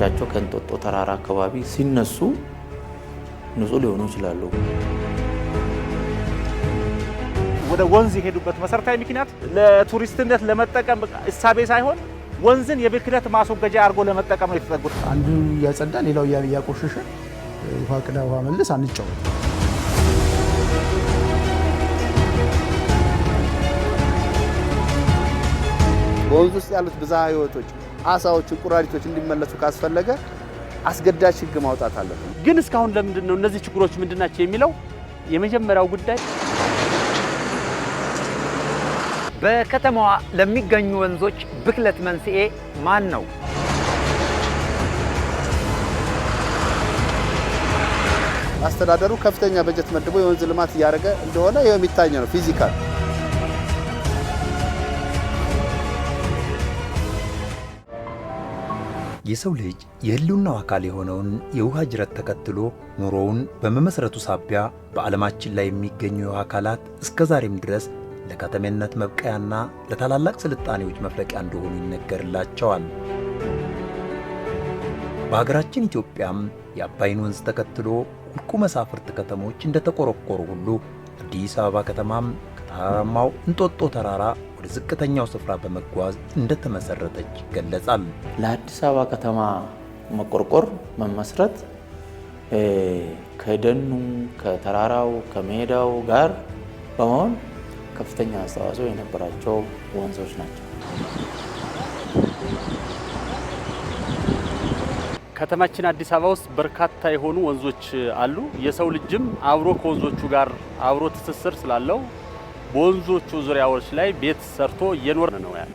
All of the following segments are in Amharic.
መነሻቸው ከእንጦጦ ተራራ አካባቢ ሲነሱ ንጹህ ሊሆኑ ይችላሉ። ወደ ወንዝ የሄዱበት መሰረታዊ ምክንያት ለቱሪስትነት ለመጠቀም እሳቤ ሳይሆን ወንዝን የብክለት ማስወገጃ አድርጎ ለመጠቀም ነው የተጠጉት። አንዱ እያጸዳ ሌላው እያቆሸሸ ውሃ ቅዳ ውሃ መልስ አንጫው በወንዝ ውስጥ ያሉት ብዝሃ ህይወቶች አሳዎች፣ እንቁራሪቶች እንዲመለሱ ካስፈለገ አስገዳጅ ህግ ማውጣት አለብን። ግን እስካሁን ለምንድን ነው እነዚህ ችግሮች ምንድን ናቸው የሚለው የመጀመሪያው ጉዳይ በከተማዋ ለሚገኙ ወንዞች ብክለት መንስኤ ማን ነው? አስተዳደሩ ከፍተኛ በጀት መድቦ የወንዝ ልማት እያደረገ እንደሆነ ይኸው ነው ፊዚካል የሰው ልጅ የህልውናው አካል የሆነውን የውሃ ጅረት ተከትሎ ኑሮውን በመመስረቱ ሳቢያ በዓለማችን ላይ የሚገኙ የውሃ አካላት እስከ ዛሬም ድረስ ለከተሜነት መብቀያና ለታላላቅ ስልጣኔዎች መፍለቂያ እንደሆኑ ይነገርላቸዋል። በሀገራችን ኢትዮጵያም የአባይን ወንዝ ተከትሎ ሁልቁ መሳፍርት ከተሞች እንደተቆረቆሩ ሁሉ አዲስ አበባ ከተማም ከተራራማው እንጦጦ ተራራ ወደ ዝቅተኛው ስፍራ በመጓዝ እንደተመሰረተች ይገለጻል። ለአዲስ አበባ ከተማ መቆርቆር መመስረት ከደኑ ከተራራው ከሜዳው ጋር በመሆን ከፍተኛ አስተዋጽኦ የነበራቸው ወንዞች ናቸው። ከተማችን አዲስ አበባ ውስጥ በርካታ የሆኑ ወንዞች አሉ። የሰው ልጅም አብሮ ከወንዞቹ ጋር አብሮ ትስስር ስላለው በወንዞቹ ዙሪያዎች ላይ ቤት ሰርቶ እየኖረ ነው ያለ።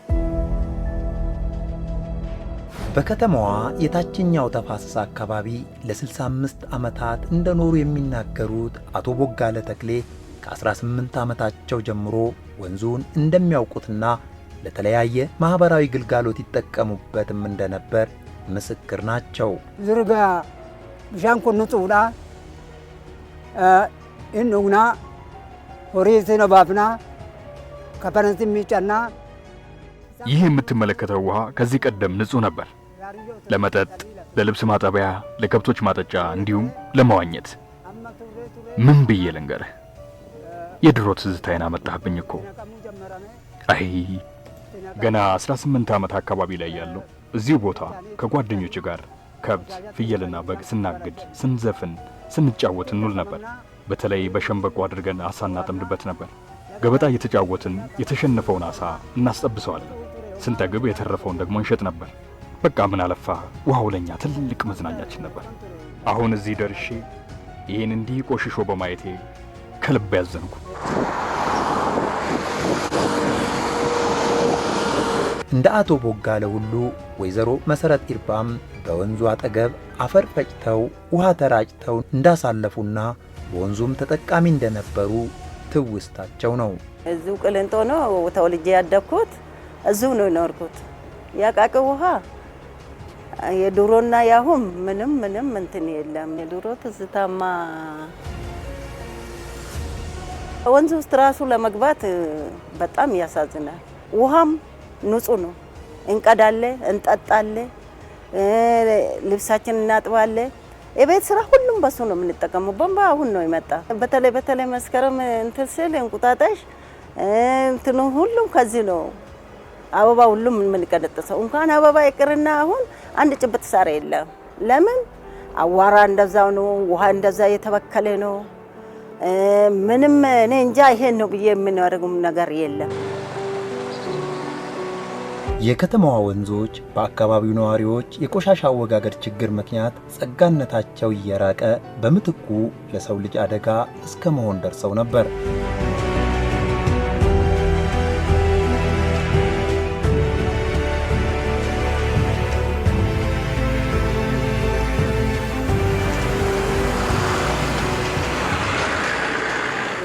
በከተማዋ የታችኛው ተፋሰስ አካባቢ ለ65 ዓመታት እንደኖሩ የሚናገሩት አቶ ቦጋለ ተክሌ ከ18 ዓመታቸው ጀምሮ ወንዙን እንደሚያውቁትና ለተለያየ ማኅበራዊ ግልጋሎት ይጠቀሙበትም እንደነበር ምስክር ናቸው። ዝርጋ ዣንኮ ንጹውዳ እኑና ሆሪስ ባፍና ከፈረንስ የሚጨና ይህ የምትመለከተው ውሃ ከዚህ ቀደም ንጹህ ነበር። ለመጠጥ፣ ለልብስ ማጠቢያ፣ ለከብቶች ማጠጫ እንዲሁም ለመዋኘት። ምን ብዬ ልንገርህ? የድሮ ትዝታዬን አመጣህብኝ እኮ። አይ ገና 18 ዓመት አካባቢ ላይ ያለው እዚሁ ቦታ ከጓደኞች ጋር ከብት፣ ፍየልና በግ ስናግድ፣ ስንዘፍን፣ ስንጫወት እንውል ነበር። በተለይ በሸንበቆ አድርገን አሳ እናጠምድበት ነበር። ገበጣ እየተጫወትን የተሸነፈውን አሳ እናስጠብሰዋለን። ስንጠግብ የተረፈውን ደግሞ እንሸጥ ነበር። በቃ ምን አለፋ ውሃው ለኛ ትልቅ መዝናኛችን ነበር። አሁን እዚህ ደርሼ ይህን እንዲህ ቆሽሾ በማየቴ ከልብ ያዘንኩ። እንደ አቶ ቦጋለ ሁሉ ወይዘሮ መሰረት ኢርባም በወንዙ አጠገብ አፈር ፈጭተው ውሃ ተራጭተው እንዳሳለፉና ወንዙም ተጠቃሚ እንደነበሩ ትውስታቸው ነው። እዚሁ ቅልንጦ ነው ተወልጄ ያደግኩት፣ እዚሁ ነው ይኖርኩት። የአቃቂ ውሃ የድሮና ያሁም ምንም ምንም እንትን የለም። የድሮ ትዝታማ ወንዝ ውስጥ ራሱ ለመግባት በጣም ያሳዝናል። ውሃም ንጹህ ነው። እንቀዳለ፣ እንጠጣለ፣ ልብሳችን እናጥባለ የቤት ስራ ሁሉም በሱ ነው የምንጠቀመው። ቦምባ አሁን ነው የመጣ። በተለይ በተለይ መስከረም እንትን ስል እንቁጣጣሽ እንትኑ ሁሉም ከዚህ ነው አበባ ሁሉም የምንቀነጥሰው። እንኳን አበባ ይቅርና አሁን አንድ ጭብጥ ሳር የለም። ለምን አዋራ እንደዛ ነው፣ ውሃ እንደዛ እየተበከለ ነው። ምንም እኔ እንጃ ይሄን ነው ብዬ የምናደርጉም ነገር የለም። የከተማዋ ወንዞች በአካባቢው ነዋሪዎች የቆሻሻ አወጋገድ ችግር ምክንያት ጸጋነታቸው እየራቀ በምትኩ ለሰው ልጅ አደጋ እስከ መሆን ደርሰው ነበር።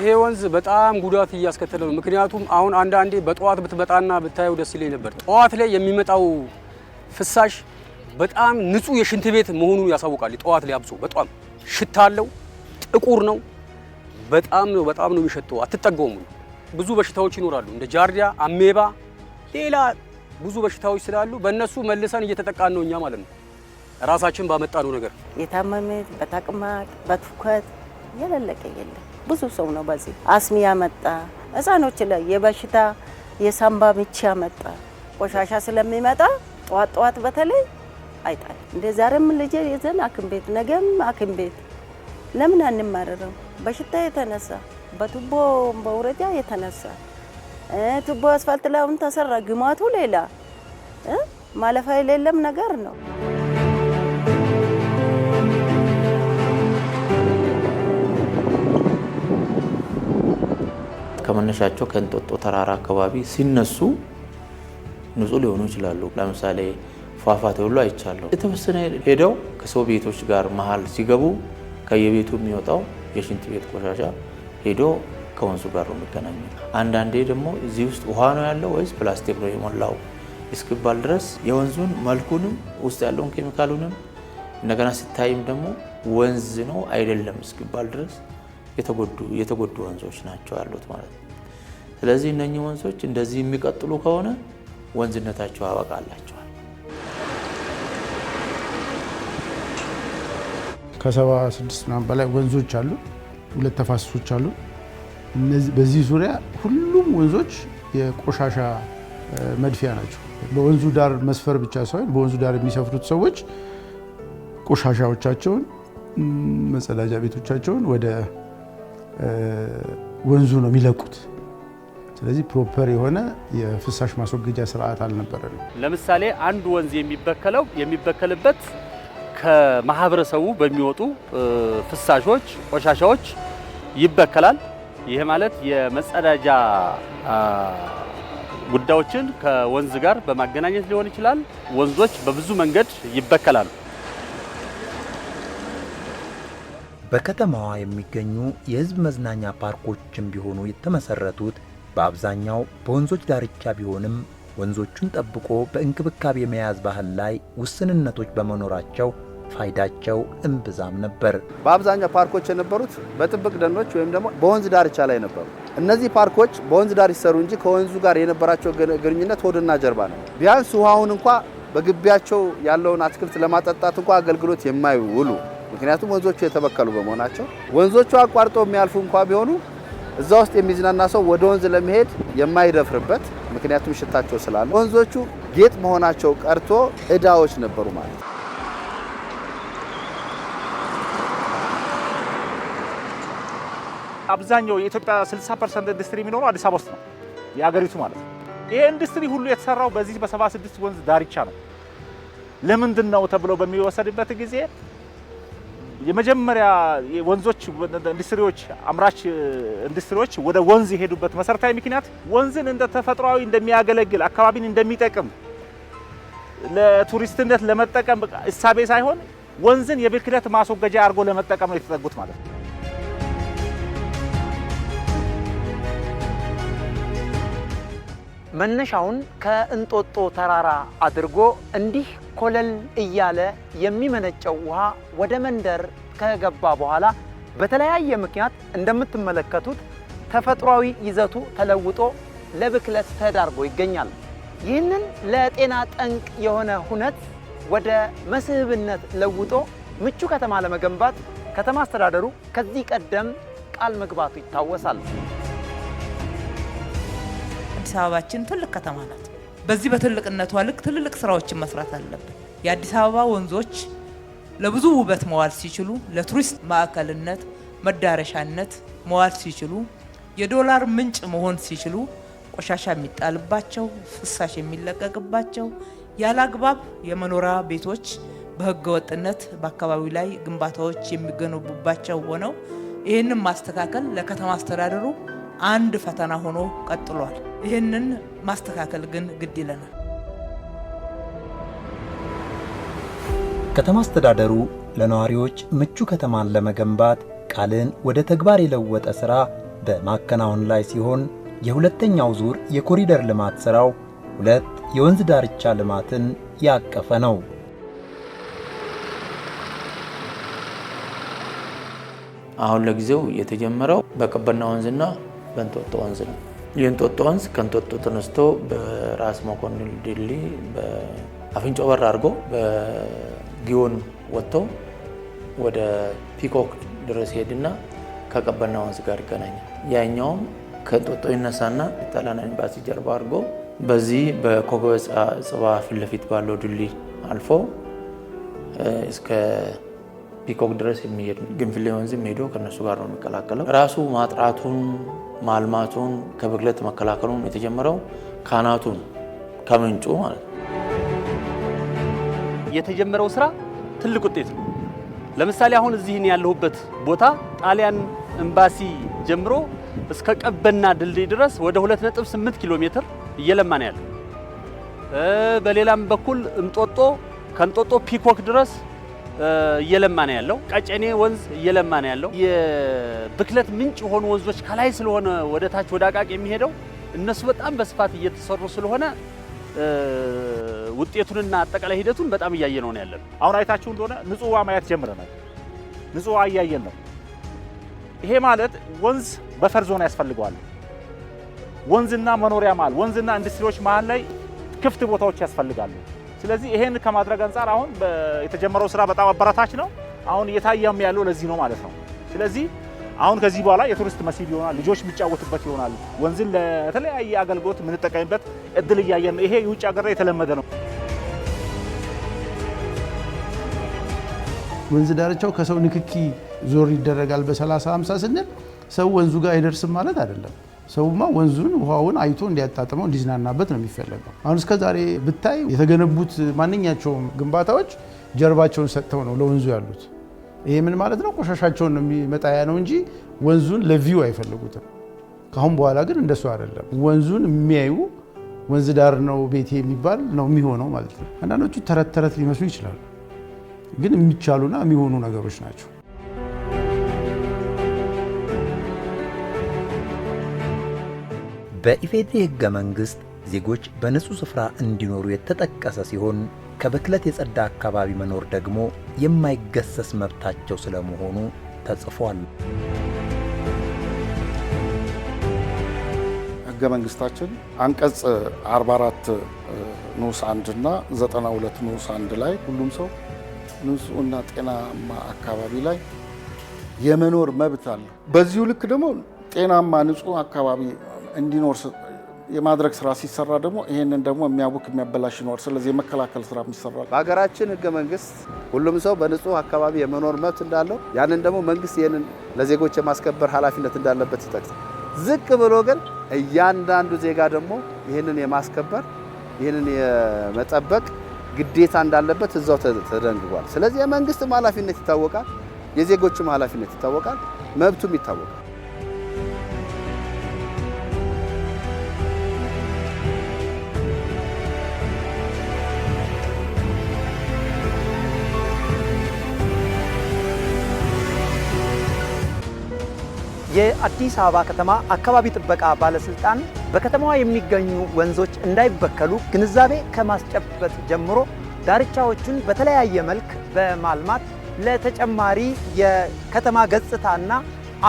ይሄ ወንዝ በጣም ጉዳት እያስከተለ ነው። ምክንያቱም አሁን አንዳንዴ በጠዋት ብትመጣና ብታየው ደስ ይለኝ ነበር። ጠዋት ላይ የሚመጣው ፍሳሽ በጣም ንጹህ የሽንት ቤት መሆኑን ያሳውቃል። ጠዋት ላይ አብሶ በጣም ሽታ አለው። ጥቁር ነው። በጣም ነው በጣም ነው የሚሸተው። አትጠገውም። ብዙ በሽታዎች ይኖራሉ እንደ ጃርዲያ፣ አሜባ፣ ሌላ ብዙ በሽታዎች ስላሉ በእነሱ መልሰን እየተጠቃን ነው እኛ ማለት ነው ራሳችን ባመጣነው ነገር የታመመ በተቅማጥ በትውከት የለለቀ የለም ብዙ ሰው ነው በዚህ አስሚ ያመጣ ህፃኖች ላይ የበሽታ የሳምባ ምች ያመጣ ቆሻሻ ስለሚመጣ ጠዋት ጠዋት በተለይ አይጣል እንደ ዛሬም ልጄ የዘን አክም ቤት ነገም አክም ቤት ለምን አንማረረም? በሽታ የተነሳ በቱቦ በውረጃ የተነሳ ቱቦ አስፋልት ላይ አሁን ተሰራ ግማቱ ሌላ ማለፋ የሌለም ነገር ነው። ከመነሻቸው ከእንጦጦ ተራራ አካባቢ ሲነሱ ንጹህ ሊሆኑ ይችላሉ። ለምሳሌ ፏፏቴ ሁሉ አይቻለሁ። የተወሰነ ሄደው ከሰው ቤቶች ጋር መሀል ሲገቡ ከየቤቱ የሚወጣው የሽንት ቤት ቆሻሻ ሄዶ ከወንዙ ጋር ነው የሚገናኙ። አንዳንዴ ደግሞ እዚህ ውስጥ ውሃ ነው ያለው ወይስ ፕላስቲክ ነው የሞላው እስክባል ድረስ የወንዙን መልኩንም ውስጥ ያለውን ኬሚካሉንም እንደገና ሲታይም ደግሞ ወንዝ ነው አይደለም እስክባል ድረስ የተጎዱ ወንዞች ናቸው ያሉት ማለት ነው። ስለዚህ እነኚህ ወንዞች እንደዚህ የሚቀጥሉ ከሆነ ወንዝነታቸው አበቃላቸዋል። ከሰባ ስድስት ምናምን በላይ ወንዞች አሉ፣ ሁለት ተፋሰሶች አሉ። በዚህ ዙሪያ ሁሉም ወንዞች የቆሻሻ መድፊያ ናቸው። በወንዙ ዳር መስፈር ብቻ ሳይሆን በወንዙ ዳር የሚሰፍሩት ሰዎች ቆሻሻዎቻቸውን፣ መጸዳጃ ቤቶቻቸውን ወደ ወንዙ ነው የሚለቁት። ስለዚህ ፕሮፐር የሆነ የፍሳሽ ማስወገጃ ስርዓት ነው። ለምሳሌ አንድ ወንዝ የሚበከለው የሚበከልበት ከማህበረሰቡ በሚወጡ ፍሳሾች፣ ቆሻሻዎች ይበከላል። ይህ ማለት የመጸዳጃ ጉዳዮችን ከወንዝ ጋር በማገናኘት ሊሆን ይችላል። ወንዞች በብዙ መንገድ ይበከላሉ። በከተማዋ የሚገኙ የህዝብ መዝናኛ ፓርኮችም ቢሆኑ የተመሰረቱት በአብዛኛው በወንዞች ዳርቻ ቢሆንም ወንዞቹን ጠብቆ በእንክብካቤ የመያዝ ባህል ላይ ውስንነቶች በመኖራቸው ፋይዳቸው እምብዛም ነበር። በአብዛኛው ፓርኮች የነበሩት በጥብቅ ደኖች ወይም ደግሞ በወንዝ ዳርቻ ላይ ነበሩ። እነዚህ ፓርኮች በወንዝ ዳር ይሰሩ እንጂ ከወንዙ ጋር የነበራቸው ግንኙነት ሆድና ጀርባ ነው። ቢያንስ ውሃውን እንኳ በግቢያቸው ያለውን አትክልት ለማጠጣት እንኳ አገልግሎት የማይውሉ ምክንያቱም ወንዞቹ የተበከሉ በመሆናቸው ወንዞቹ አቋርጦ የሚያልፉ እንኳ ቢሆኑ እዛ ውስጥ የሚዝናና ሰው ወደ ወንዝ ለመሄድ የማይደፍርበት ምክንያቱም ሽታቸው ስላለ ወንዞቹ ጌጥ መሆናቸው ቀርቶ እዳዎች ነበሩ ማለት ነው። አብዛኛው የኢትዮጵያ 60 ፐርሰንት ኢንዱስትሪ የሚኖረው አዲስ አበባ ውስጥ ነው፣ የሀገሪቱ ማለት ነው። ይሄ ኢንዱስትሪ ሁሉ የተሰራው በዚህ በ76 ወንዝ ዳርቻ ነው። ለምንድን ነው ተብሎ በሚወሰድበት ጊዜ የመጀመሪያ ወንዞች ኢንዱስትሪዎች አምራች ኢንዱስትሪዎች ወደ ወንዝ የሄዱበት መሰረታዊ ምክንያት ወንዝን እንደ ተፈጥሯዊ እንደሚያገለግል አካባቢን እንደሚጠቅም ለቱሪስትነት ለመጠቀም እሳቤ ሳይሆን ወንዝን የብክለት ማስወገጃ አድርጎ ለመጠቀም ነው የተጠጉት ማለት ነው። መነሻውን ከእንጦጦ ተራራ አድርጎ እንዲህ ኮለል እያለ የሚመነጨው ውሃ ወደ መንደር ከገባ በኋላ በተለያየ ምክንያት እንደምትመለከቱት ተፈጥሯዊ ይዘቱ ተለውጦ ለብክለት ተዳርጎ ይገኛል። ይህንን ለጤና ጠንቅ የሆነ ሁነት ወደ መስህብነት ለውጦ ምቹ ከተማ ለመገንባት ከተማ አስተዳደሩ ከዚህ ቀደም ቃል መግባቱ ይታወሳል። አዲስ አበባችን ትልቅ ከተማ ናት። በዚህ በትልቅነቷ ልክ ትልልቅ ስራዎችን መስራት አለብን። የአዲስ አበባ ወንዞች ለብዙ ውበት መዋል ሲችሉ፣ ለቱሪስት ማዕከልነት መዳረሻነት መዋል ሲችሉ፣ የዶላር ምንጭ መሆን ሲችሉ፣ ቆሻሻ የሚጣልባቸው ፍሳሽ የሚለቀቅባቸው ያለ አግባብ የመኖሪያ ቤቶች በህገ ወጥነት በአካባቢው ላይ ግንባታዎች የሚገነቡባቸው ሆነው ይህንን ማስተካከል ለከተማ አስተዳደሩ አንድ ፈተና ሆኖ ቀጥሏል። ይህንን ማስተካከል ግን ግድ ይለናል። ከተማ አስተዳደሩ ለነዋሪዎች ምቹ ከተማን ለመገንባት ቃልን ወደ ተግባር የለወጠ ሥራ በማከናወን ላይ ሲሆን የሁለተኛው ዙር የኮሪደር ልማት ሥራው ሁለት የወንዝ ዳርቻ ልማትን ያቀፈ ነው። አሁን ለጊዜው የተጀመረው በቀበና ወንዝና በእንጦጦ ወንዝ ነው። የእንጦጦ ወንዝ ከእንጦጦ ተነስቶ በራስ መኮንን ድልድይ አፍንጮ በር አድርጎ በጊዮን ወጥቶ ወደ ፒኮክ ድረስ ሄድና ከቀበና ወንዝ ጋር ይገናኛል። ያኛውም ከእንጦጦ ይነሳና ጣሊያን ኤምባሲ ጀርባ አድርጎ በዚህ በኮከበ ጽባ ፊት ለፊት ባለው ድልድይ አልፎ እስከ ፒኮክ ድረስ የሚሄድ ግንፍሌ ወንዝም ሄዶ ከነሱ ጋር ነው የሚቀላቀለው። ራሱ ማጥራቱን ማልማቱን ከብክለት መከላከሉን የተጀመረው ካናቱን ከምንጩ ማለት ነው የተጀመረው ስራ ትልቅ ውጤት ነው። ለምሳሌ አሁን እዚህን ያለሁበት ቦታ ጣሊያን ኤምባሲ ጀምሮ እስከ ቀበና ድልድይ ድረስ ወደ 2.8 ኪሎ ሜትር እየለማ ነው ያለው። በሌላም በኩል እንጦጦ ከእንጦጦ ፒኮክ ድረስ እየለማ ነው ያለው። ቀጨኔ ወንዝ እየለማ ነው ያለው። የብክለት ምንጭ የሆኑ ወንዞች ከላይ ስለሆነ ወደ ታች ወደ አቃቂ የሚሄደው እነሱ በጣም በስፋት እየተሰሩ ስለሆነ ውጤቱንና አጠቃላይ ሂደቱን በጣም እያየ ነው ያለን። አሁን አይታችሁ እንደሆነ ንጹህ ውሃ ማየት ጀምረናል። ንጹህ ውሃ እያየን ነው። ይሄ ማለት ወንዝ በፈር ዞን ያስፈልገዋል። ወንዝና መኖሪያ መሃል፣ ወንዝና ኢንዱስትሪዎች መሃል ላይ ክፍት ቦታዎች ያስፈልጋሉ። ስለዚህ ይሄን ከማድረግ አንጻር አሁን የተጀመረው ስራ በጣም አበረታች ነው። አሁን እየታየም ያለው ለዚህ ነው ማለት ነው። ስለዚህ አሁን ከዚህ በኋላ የቱሪስት መስህብ ይሆናል፣ ልጆች የሚጫወቱበት ይሆናል። ወንዝን ለተለያየ አገልግሎት የምንጠቀምበት እድል እያየን ነው። ይሄ የውጭ ሀገር የተለመደ ነው። ወንዝ ዳርቻው ከሰው ንክኪ ዞር ይደረጋል። በ30 50 ስንል ሰው ወንዙ ጋር አይደርስም ማለት አይደለም። ሰውማ ወንዙን ውሃውን አይቶ እንዲያጣጥመው እንዲዝናናበት ነው የሚፈለገው። አሁን እስከ ዛሬ ብታይ የተገነቡት ማንኛቸውም ግንባታዎች ጀርባቸውን ሰጥተው ነው ለወንዙ ያሉት። ይሄ ምን ማለት ነው? ቆሻሻቸውን ነው የሚመጣያ ነው እንጂ ወንዙን ለቪው አይፈልጉትም። ከአሁን በኋላ ግን እንደሱ አይደለም። ወንዙን የሚያዩ ወንዝ ዳር ነው ቤቴ የሚባል ነው የሚሆነው ማለት ነው። አንዳንዶቹ ተረት ተረት ሊመስሉ ይችላሉ፣ ግን የሚቻሉና የሚሆኑ ነገሮች ናቸው። በኢፌዴሪ ሕገ መንግሥት ዜጎች በንጹሕ ስፍራ እንዲኖሩ የተጠቀሰ ሲሆን ከብክለት የጸዳ አካባቢ መኖር ደግሞ የማይገሰስ መብታቸው ስለመሆኑ ተጽፏል። ሕገ መንግሥታችን አንቀጽ 44 ንዑስ 1 እና 92 ንዑስ 1 ላይ ሁሉም ሰው ንጹሕና ጤናማ አካባቢ ላይ የመኖር መብት አለው። በዚሁ ልክ ደግሞ ጤናማ ንጹሕ አካባቢ እንዲኖር የማድረግ ስራ ሲሰራ ደግሞ ይህንን ደግሞ የሚያውክ የሚያበላሽ ይኖር። ስለዚህ የመከላከል ስራ ይሰራል። በሀገራችን ህገ መንግስት ሁሉም ሰው በንጹህ አካባቢ የመኖር መብት እንዳለው ያንን ደግሞ መንግስት ይህንን ለዜጎች የማስከበር ኃላፊነት እንዳለበት ይጠቅሳል። ዝቅ ብሎ ግን እያንዳንዱ ዜጋ ደግሞ ይህንን የማስከበር ይህንን የመጠበቅ ግዴታ እንዳለበት እዛው ተደንግጓል። ስለዚህ የመንግስትም ኃላፊነት ይታወቃል፣ የዜጎችም ኃላፊነት ይታወቃል፣ መብቱም ይታወቃል። የአዲስ አበባ ከተማ አካባቢ ጥበቃ ባለስልጣን በከተማዋ የሚገኙ ወንዞች እንዳይበከሉ ግንዛቤ ከማስጨበጥ ጀምሮ ዳርቻዎቹን በተለያየ መልክ በማልማት ለተጨማሪ የከተማ ገጽታና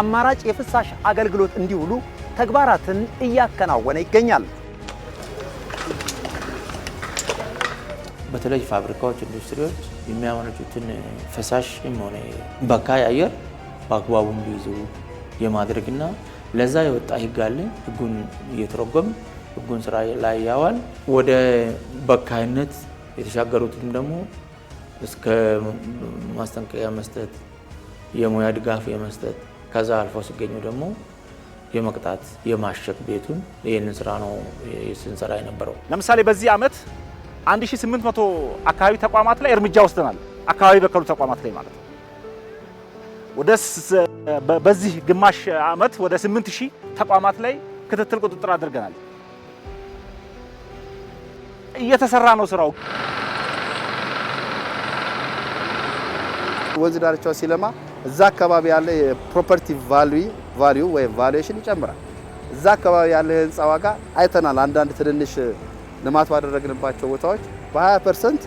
አማራጭ የፍሳሽ አገልግሎት እንዲውሉ ተግባራትን እያከናወነ ይገኛል። በተለይ ፋብሪካዎች፣ ኢንዱስትሪዎች የሚያመነጩትን ፈሳሽም ሆነ በካይ አየር በአግባቡ እንዲይዙ የማድረግና ለዛ የወጣ ህግ አለ። ህጉን እየተረጎም ህጉን ስራ ላይ ያዋል ወደ በካይነት የተሻገሩትም ደግሞ እስከ ማስጠንቀቂያ መስጠት፣ የሙያ ድጋፍ የመስጠት ከዛ አልፎ ሲገኙ ደግሞ የመቅጣት የማሸግ ቤቱን ይህንን ስራ ነው ስንሰራ የነበረው። ለምሳሌ በዚህ ዓመት 1800 አካባቢ ተቋማት ላይ እርምጃ ወስደናል። አካባቢ በከሉ ተቋማት ላይ ማለት ነው ወደ በዚህ ግማሽ ዓመት ወደ 8000 ተቋማት ላይ ክትትል ቁጥጥር አድርገናል። እየተሰራ ነው ስራው። ወንዝ ዳርቻው ሲለማ እዛ አካባቢ ያለ የፕሮፐርቲ ቫልዩ ወይ ቫሉዌሽን ይጨምራል። እዛ አካባቢ ያለ የህንፃ ዋጋ አይተናል። አንዳንድ ትንንሽ ልማት ባደረግንባቸው ቦታዎች በ20 ፐርሰንት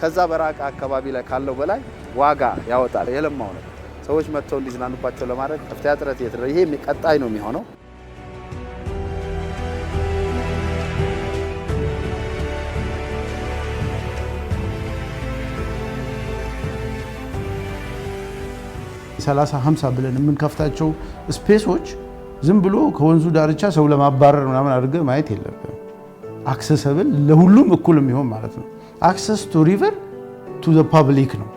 ከዛ በራቀ አካባቢ ላይ ካለው በላይ ዋጋ ያወጣል የለማው ነው። ሰዎች መጥተው እንዲዝናኑባቸው ለማድረግ ከፍተኛ ጥረት እየተደረገ ይሄ ቀጣይ ነው የሚሆነው። ሰላሳ ሀምሳ ብለን የምንከፍታቸው ስፔሶች ዝም ብሎ ከወንዙ ዳርቻ ሰው ለማባረር ምናምን አድርገ ማየት የለብህም። አክሰሰብል ለሁሉም እኩል የሚሆን ማለት ነው። አክሰስ ቱ ሪቨር ቱ ፐብሊክ ነው።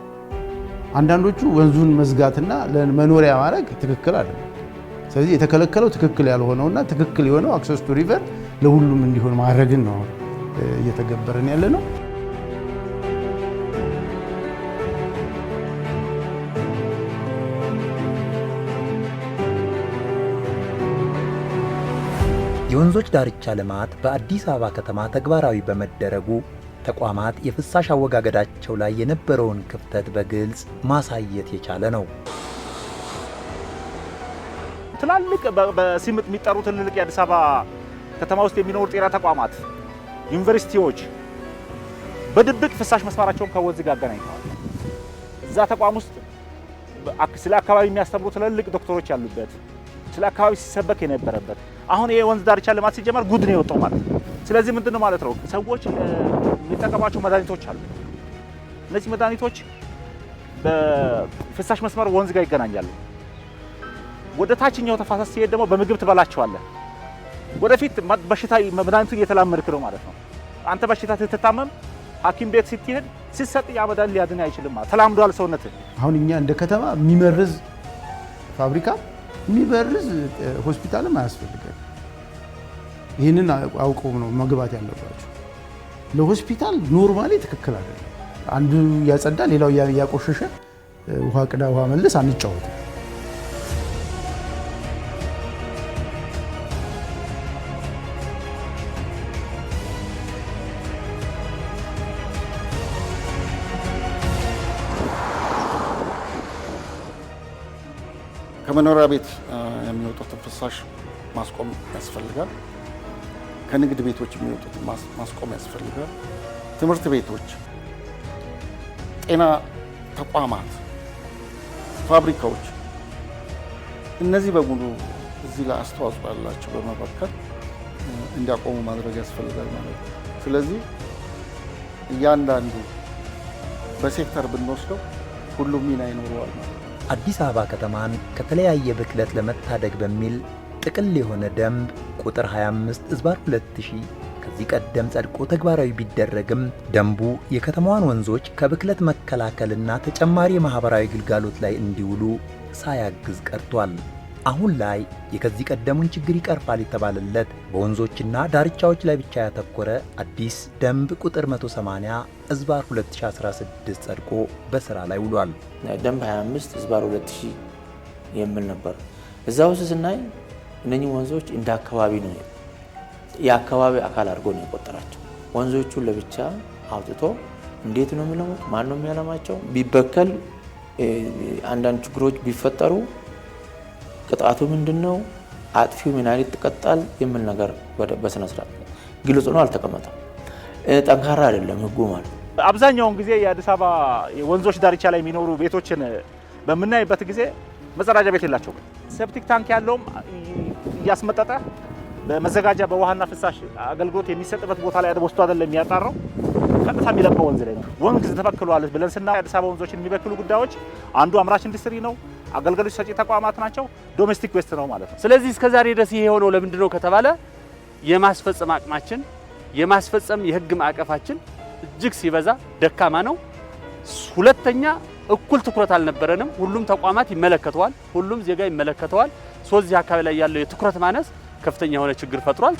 አንዳንዶቹ ወንዙን መዝጋትና ለመኖሪያ ማድረግ ትክክል አይደለም። ስለዚህ የተከለከለው ትክክል ያልሆነውና ትክክል የሆነው አክሰስ ቱ ሪቨር ለሁሉም እንዲሆን ማድረግን ነው እየተገበረን ያለ ነው። የወንዞች ዳርቻ ልማት በአዲስ አበባ ከተማ ተግባራዊ በመደረጉ ተቋማት የፍሳሽ አወጋገዳቸው ላይ የነበረውን ክፍተት በግልጽ ማሳየት የቻለ ነው። ትላልቅ በሲምጥ የሚጠሩ ትልልቅ የአዲስ አበባ ከተማ ውስጥ የሚኖሩ ጤና ተቋማት፣ ዩኒቨርሲቲዎች በድብቅ ፍሳሽ መስመራቸውን ከወንዝ ጋር አገናኝተዋል። እዛ ተቋም ውስጥ ስለ አካባቢ የሚያስተምሩ ትልልቅ ዶክተሮች ያሉበት ስለ አካባቢ ሲሰበክ የነበረበት አሁን ይሄ ወንዝ ዳርቻ ልማት ሲጀመር ጉድ ነው የወጣው ማለት። ስለዚህ ምንድን ነው ማለት ነው ሰዎች የሚጠቀማቸው መድኃኒቶች አሉ። እነዚህ መድኃኒቶች በፍሳሽ መስመር ወንዝ ጋር ይገናኛሉ። ወደ ታችኛው ተፋሰስ ሲሄድ ደግሞ በምግብ ትበላቸዋለህ። ወደፊት በሽታ መድኃኒቱን እየተላመድክ ነው ማለት ነው። አንተ በሽታ ስትታመም ሐኪም ቤት ስትሄድ ሲሰጥ ያ መድኃኒት ሊያድን አይችልም ተላምዷል ሰውነት። አሁን እኛ እንደ ከተማ የሚመርዝ ፋብሪካ የሚመርዝ ሆስፒታልም አያስፈልገን። ይህንን አውቀው ነው መግባት ያለባቸው። ለሆስፒታል ኖርማሊ ትክክል አይደለም። አንዱ እያጸዳ ሌላው እያቆሸሸ ውሃ ቅዳ ውሃ መልስ አንጫወትም። ከመኖሪያ ቤት የሚወጡትን ፍሳሽ ማስቆም ያስፈልጋል። ከንግድ ቤቶች የሚወጡት ማስቆም ያስፈልጋል። ትምህርት ቤቶች፣ ጤና ተቋማት፣ ፋብሪካዎች፣ እነዚህ በሙሉ እዚህ ላይ አስተዋጽኦ ያላቸው በመበከል እንዲያቆሙ ማድረግ ያስፈልጋል ማለት ነው። ስለዚህ እያንዳንዱ በሴክተር ብንወስደው ሁሉም ሚና ይኖረዋል ማለት ነው። አዲስ አበባ ከተማን ከተለያየ ብክለት ለመታደግ በሚል ጥቅል የሆነ ደንብ ቁጥር 25 ዝባር 2000 ከዚህ ቀደም ጸድቆ ተግባራዊ ቢደረግም ደንቡ የከተማዋን ወንዞች ከብክለት መከላከልና ተጨማሪ ማህበራዊ ግልጋሎት ላይ እንዲውሉ ሳያግዝ ቀርቷል። አሁን ላይ የከዚህ ቀደሙን ችግር ይቀርፋል የተባለለት በወንዞችና ዳርቻዎች ላይ ብቻ ያተኮረ አዲስ ደንብ ቁጥር 180 እዝባር 2016 ጸድቆ በስራ ላይ ውሏል። ደንብ 25 እዝባር 2000 የሚል ነበር። እዛ ውስጥ ስናይ እነኚህ ወንዞች እንደ አካባቢ ነው የአካባቢ አካል አድርጎ ነው የቆጠራቸው። ወንዞቹን ለብቻ አውጥቶ እንዴት ነው የሚለሙት፣ ማን ነው የሚያለማቸው፣ ቢበከል አንዳንድ ችግሮች ቢፈጠሩ ቅጣቱ ምንድን ነው፣ አጥፊው ምን አይነት ይቀጣል የሚል ነገር በስነስርዓት ግልጽ ነው አልተቀመጠም። ጠንካራ አይደለም ህጉ ማለት። አብዛኛውን ጊዜ የአዲስ አበባ ወንዞች ዳርቻ ላይ የሚኖሩ ቤቶችን በምናይበት ጊዜ መጸዳጃ ቤት የላቸውም። ሴፕቲክ ታንክ ያለውም እያስመጠጠ በመዘጋጃ በውሃና ፍሳሽ አገልግሎት የሚሰጥበት ቦታ ላይ ወስዶ አይደለም የሚያጣራው፣ ቀጥታ የሚለቀው ወንዝ ላይ ነው። ወንዝ ተበክሏል ብለን ስና አዲስ አበባ ወንዞችን የሚበክሉ ጉዳዮች አንዱ አምራች ኢንዱስትሪ ነው፣ አገልግሎት ሰጪ ተቋማት ናቸው፣ ዶሜስቲክ ዌስት ነው ማለት ነው። ስለዚህ እስከዛሬ ድረስ ይሄ የሆነው ለምንድን ነው ከተባለ የማስፈጸም አቅማችን የማስፈጸም የህግ ማዕቀፋችን እጅግ ሲበዛ ደካማ ነው። ሁለተኛ እኩል ትኩረት አልነበረንም። ሁሉም ተቋማት ይመለከተዋል፣ ሁሉም ዜጋ ይመለከተዋል። ሶዚህ አካባቢ ላይ ያለው የትኩረት ማነስ ከፍተኛ የሆነ ችግር ፈጥሯል።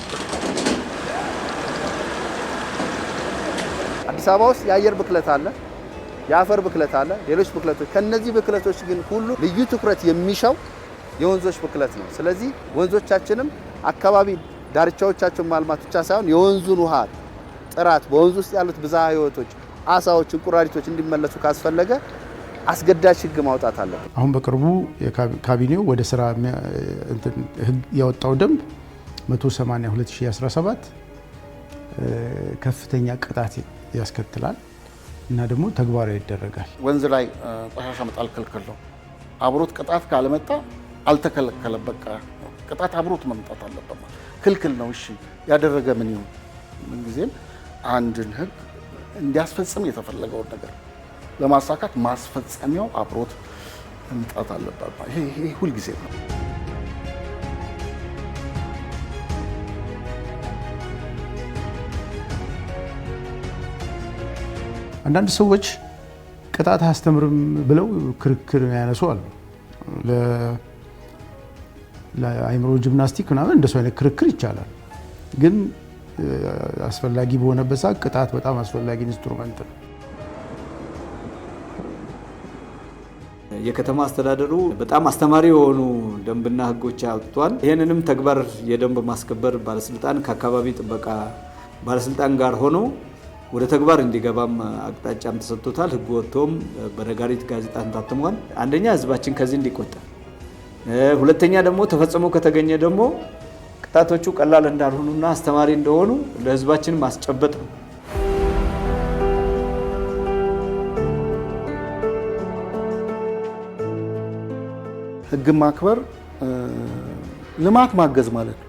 አዲስ አበባ ውስጥ የአየር ብክለት አለ፣ የአፈር ብክለት አለ፣ ሌሎች ብክለቶች። ከነዚህ ብክለቶች ግን ሁሉ ልዩ ትኩረት የሚሻው የወንዞች ብክለት ነው። ስለዚህ ወንዞቻችንም አካባቢ ዳርቻዎቻቸውን ማልማት ብቻ ሳይሆን የወንዙን ውሃ ጥራት፣ በወንዙ ውስጥ ያሉት ብዝሃ ህይወቶች፣ አሳዎች፣ እንቁራሪቶች እንዲመለሱ ካስፈለገ አስገዳጅ ህግ ማውጣት አለብን። አሁን በቅርቡ ካቢኔው ወደ ስራ ህግ ያወጣው ደንብ 182/2017 ከፍተኛ ቅጣት ያስከትላል እና ደግሞ ተግባራዊ ይደረጋል። ወንዝ ላይ ቆሻሻ መጣል ክልክል ነው። አብሮት ቅጣት ካለመጣ አልተከለከለም። በቃ ቅጣት አብሮት መምጣት አለበት። ክልክል ነው እሺ፣ ያደረገ ምን ይሁን? ምንጊዜም አንድን ህግ እንዲያስፈጽም የተፈለገውን ነገር ለማሳካት ማስፈጸሚያው አብሮት መምጣት አለበት። ይሄ ሁልጊዜ ነው። አንዳንድ ሰዎች ቅጣት አያስተምርም ብለው ክርክር ያነሱ አሉ። ለአይምሮ ጂምናስቲክ ምናምን እንደሱ አይነት ክርክር ይቻላል። ግን አስፈላጊ በሆነበት ሰዓት ቅጣት በጣም አስፈላጊ ኢንስትሩመንት ነው። የከተማ አስተዳደሩ በጣም አስተማሪ የሆኑ ደንብና ህጎች አውጥቷል። ይህንንም ተግባር የደንብ ማስከበር ባለስልጣን ከአካባቢ ጥበቃ ባለስልጣን ጋር ሆኖ ወደ ተግባር እንዲገባም አቅጣጫም ተሰጥቶታል። ህግ ወጥቶም በነጋሪት ጋዜጣ ታትሟል። አንደኛ ህዝባችን ከዚህ እንዲቆጠር ሁለተኛ ደግሞ ተፈጽሞ ከተገኘ ደግሞ ቅጣቶቹ ቀላል እንዳልሆኑና አስተማሪ እንደሆኑ ለህዝባችን ማስጨበጥ ነው። ህግን ማክበር ልማት ማገዝ ማለት ነው።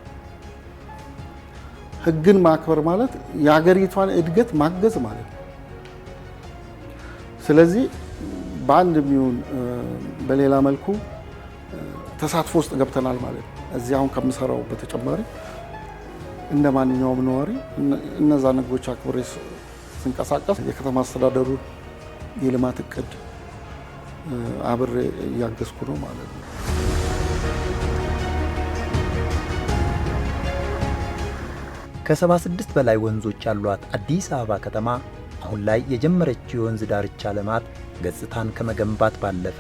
ህግን ማክበር ማለት የሀገሪቷን እድገት ማገዝ ማለት ነው። ስለዚህ በአንድ የሚሆን በሌላ መልኩ ተሳትፎ ውስጥ ገብተናል ማለት ነው። እዚህ አሁን ከምሰራው በተጨማሪ እንደ ማንኛውም ነዋሪ እነዛ ህጎች አክብሬ ስንቀሳቀስ የከተማ አስተዳደሩ የልማት እቅድ አብሬ እያገዝኩ ነው ማለት ነው። ከ76 በላይ ወንዞች ያሏት አዲስ አበባ ከተማ አሁን ላይ የጀመረችው የወንዝ ዳርቻ ልማት ገጽታን ከመገንባት ባለፈ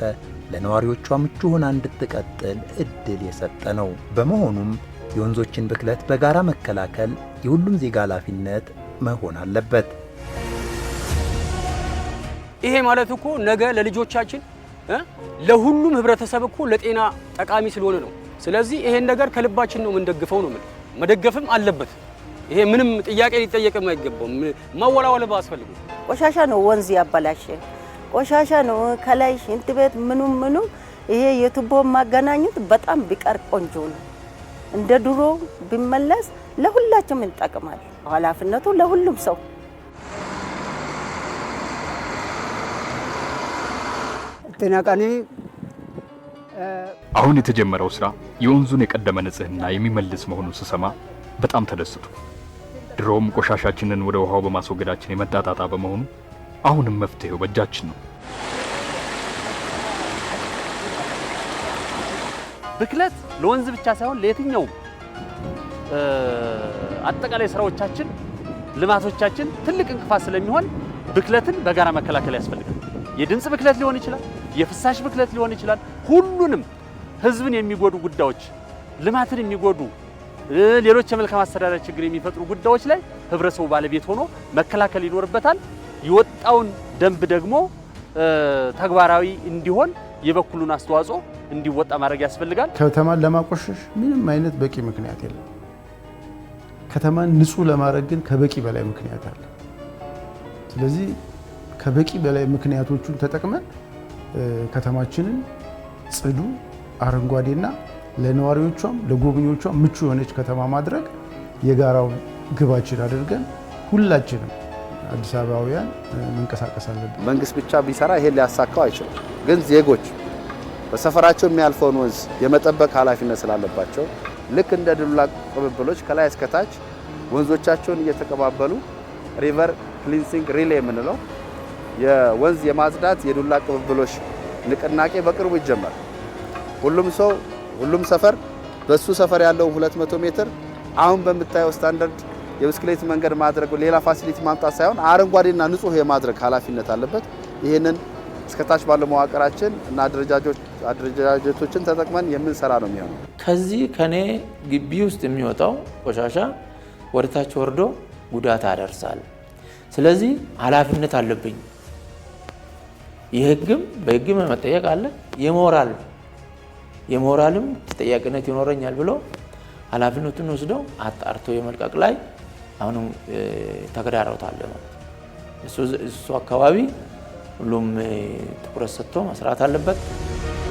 ለነዋሪዎቿ ምቹ ሆና እንድትቀጥል እድል የሰጠ ነው። በመሆኑም የወንዞችን ብክለት በጋራ መከላከል የሁሉም ዜጋ ኃላፊነት መሆን አለበት። ይሄ ማለት እኮ ነገ ለልጆቻችን ለሁሉም ህብረተሰብ እኮ ለጤና ጠቃሚ ስለሆነ ነው። ስለዚህ ይሄን ነገር ከልባችን ነው የምንደግፈው ነው መደገፍም አለበት። ይሄ ምንም ጥያቄ ሊጠየቅም አይገባውም። መወላወል አስፈልጉ። ቆሻሻ ነው ወንዝ ያበላሸ ቆሻሻ ነው ከላይ ሽንት ቤት ምኑም ምኑም። ይሄ የቱቦ ማገናኘት በጣም ቢቀር ቆንጆ ነው። እንደ ድሮ ቢመለስ ለሁላችንም ይጠቅማል። ኃላፊነቱ ለሁሉም ሰው አሁን የተጀመረው ስራ የወንዙን የቀደመ ንጽህና የሚመልስ መሆኑን ስሰማ በጣም ተደስቱ። ድሮም ቆሻሻችንን ወደ ውሃው በማስወገዳችን የመጣጣጣ በመሆኑ አሁንም መፍትሄው በእጃችን ነው። ብክለት ለወንዝ ብቻ ሳይሆን ለየትኛውም አጠቃላይ ስራዎቻችን፣ ልማቶቻችን ትልቅ እንቅፋት ስለሚሆን ብክለትን በጋራ መከላከል ያስፈልጋል። የድምፅ ብክለት ሊሆን ይችላል፣ የፍሳሽ ብክለት ሊሆን ይችላል። ሁሉንም ህዝብን የሚጎዱ ጉዳዮች፣ ልማትን የሚጎዱ ሌሎች የመልካም አስተዳደር ችግር የሚፈጥሩ ጉዳዮች ላይ ህብረተሰቡ ባለቤት ሆኖ መከላከል ይኖርበታል። የወጣውን ደንብ ደግሞ ተግባራዊ እንዲሆን የበኩሉን አስተዋጽኦ እንዲወጣ ማድረግ ያስፈልጋል። ከተማን ለማቆሸሽ ምንም አይነት በቂ ምክንያት የለም። ከተማን ንጹህ ለማድረግ ግን ከበቂ በላይ ምክንያት አለ። ስለዚህ ከበቂ በላይ ምክንያቶቹን ተጠቅመን ከተማችንን ጽዱ፣ አረንጓዴና ለነዋሪዎቿም ለጎብኚዎቿም ምቹ የሆነች ከተማ ማድረግ የጋራው ግባችን አድርገን ሁላችንም አዲስ አበባውያን መንቀሳቀስ አለብን። መንግስት ብቻ ቢሰራ ይሄን ሊያሳካው አይችልም። ግን ዜጎች በሰፈራቸው የሚያልፈውን ወንዝ የመጠበቅ ኃላፊነት ስላለባቸው ልክ እንደ ዱላ ቅብብሎች ከላይ እስከታች ወንዞቻቸውን እየተቀባበሉ ሪቨር ክሊንሲንግ ሪሌ የምንለው የወንዝ የማጽዳት የዱላ ቅብብሎች ንቅናቄ በቅርቡ ይጀመር። ሁሉም ሰው ሁሉም ሰፈር በሱ ሰፈር ያለው 200 ሜትር አሁን በምታየው ስታንዳርድ የብስክሌት መንገድ ማድረግ ሌላ ፋሲሊቲ ማምጣት ሳይሆን አረንጓዴና ንጹህ የማድረግ ኃላፊነት አለበት። ይህንን እስከታች ባለው መዋቅራችን እና አደረጃጀቶችን ተጠቅመን የምንሰራ ነው የሚሆነው። ከዚህ ከኔ ግቢ ውስጥ የሚወጣው ቆሻሻ ወደታች ወርዶ ጉዳት አደርሳል። ስለዚህ ኃላፊነት አለብኝ። የህግም በህግም መጠየቅ አለ የሞራል የሞራልም ተጠያቂነት ይኖረኛል ብሎ ኃላፊነቱን ወስደው አጣርቶ የመልቀቅ ላይ አሁንም ተግዳሮት አለ ነው። እሱ አካባቢ ሁሉም ትኩረት ሰጥቶ መስራት አለበት።